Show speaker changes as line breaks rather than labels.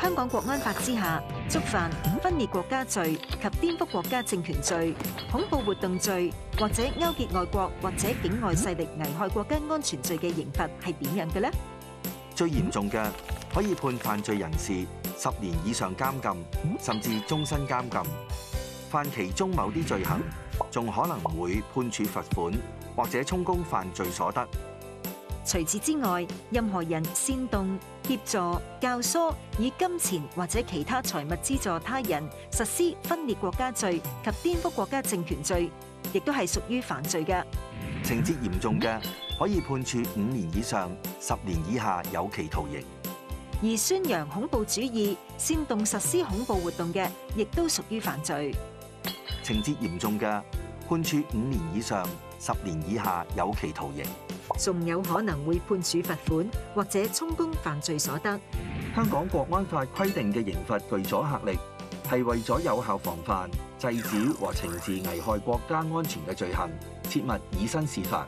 香港國安法之下，觸犯分裂國家罪及顛覆國家政權罪、恐怖活動罪或者勾結外國或者境外勢力危害國家安全罪嘅刑罰係點樣嘅呢？
最嚴重嘅，可以判犯罪人士十年以上監禁，甚至終身監禁。犯其中某啲罪行，仲可能會判處罰款，或者充公犯罪所得。
除此之外，任何人煽動、協助、教唆以金錢或者其他財物資助他人實施分裂國家罪及顛覆國家政權罪，亦都係屬於犯罪嘅。
情節嚴重嘅，可以判處五年以上、十年以下有期徒刑。
而宣揚恐怖主義、煽動實施恐怖活動嘅，亦都屬於犯罪。
情節嚴重嘅，判處五年以上、十年以下有期徒刑。
仲有可能會判處罰款或者充公犯罪所得。香港國
安法規定嘅刑罰具阻嚇力，係為咗有效防範、制止和懲治危害國家安全嘅罪行，切勿以身試法。